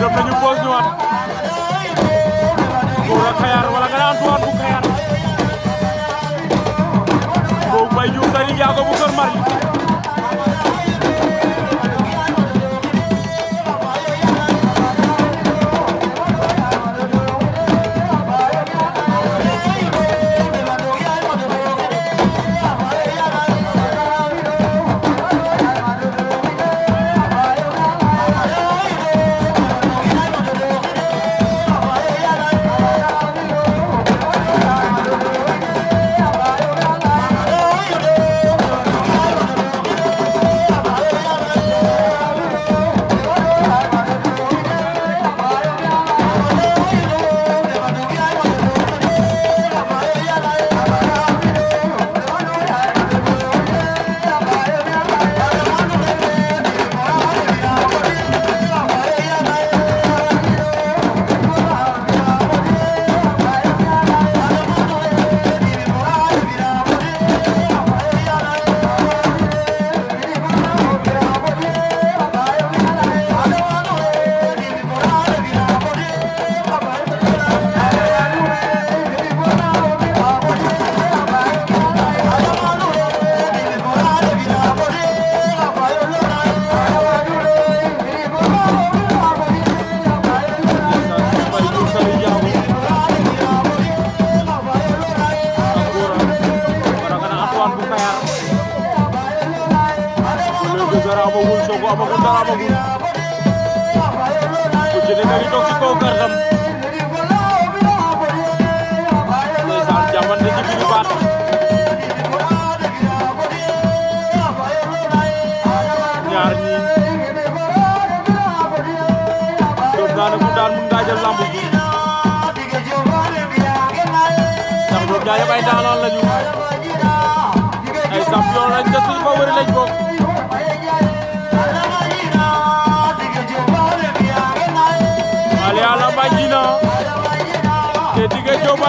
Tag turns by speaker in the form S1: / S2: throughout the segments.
S1: def nañu pause ñëwaat Gora Kayar wala nga naan Antoine bu Kayar boobu Mbaye Diouf Sary Ndiago bu Kër Mari Joor amagul Sokh amagul dara amagul ku ci ne ngi toog ci kaw kartam ndeysaan jàppante ci biir baatam ñaar ñi doom naa ne ku daan mun ngaa jël lamb ji ndax doom ñaar yëpp ay daanaan lañu ay champion lañ te suñu favori lañ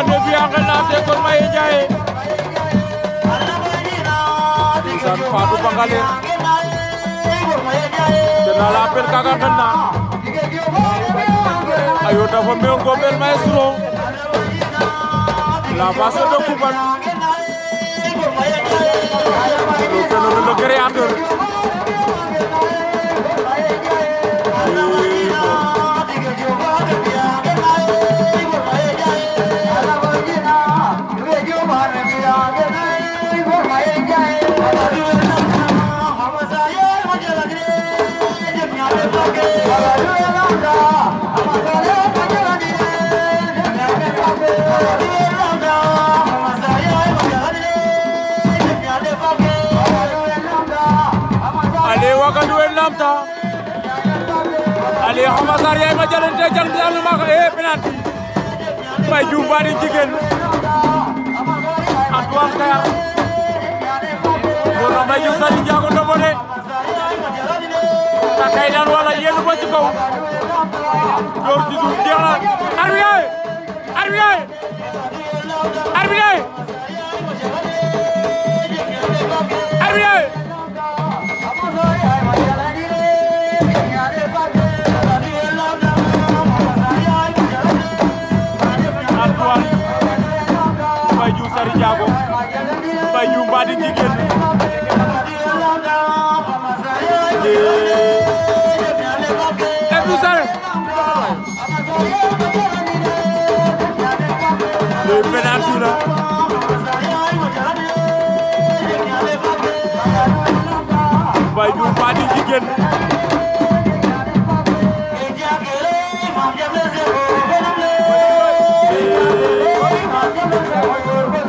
S1: de Bianca Laté kon Maye Ndiaye ndeysaan Fatou Bakale dana la appel Kaka Xena ayo dafa meew ngobel maestro la base de Kouban Ali Hamasar yaay ma jalante jalante daanu ma ko eh penalty may juum baari jigéen Antoine Kaya kay lan you yéen to go. Le penalty là. Mbaye Thank you.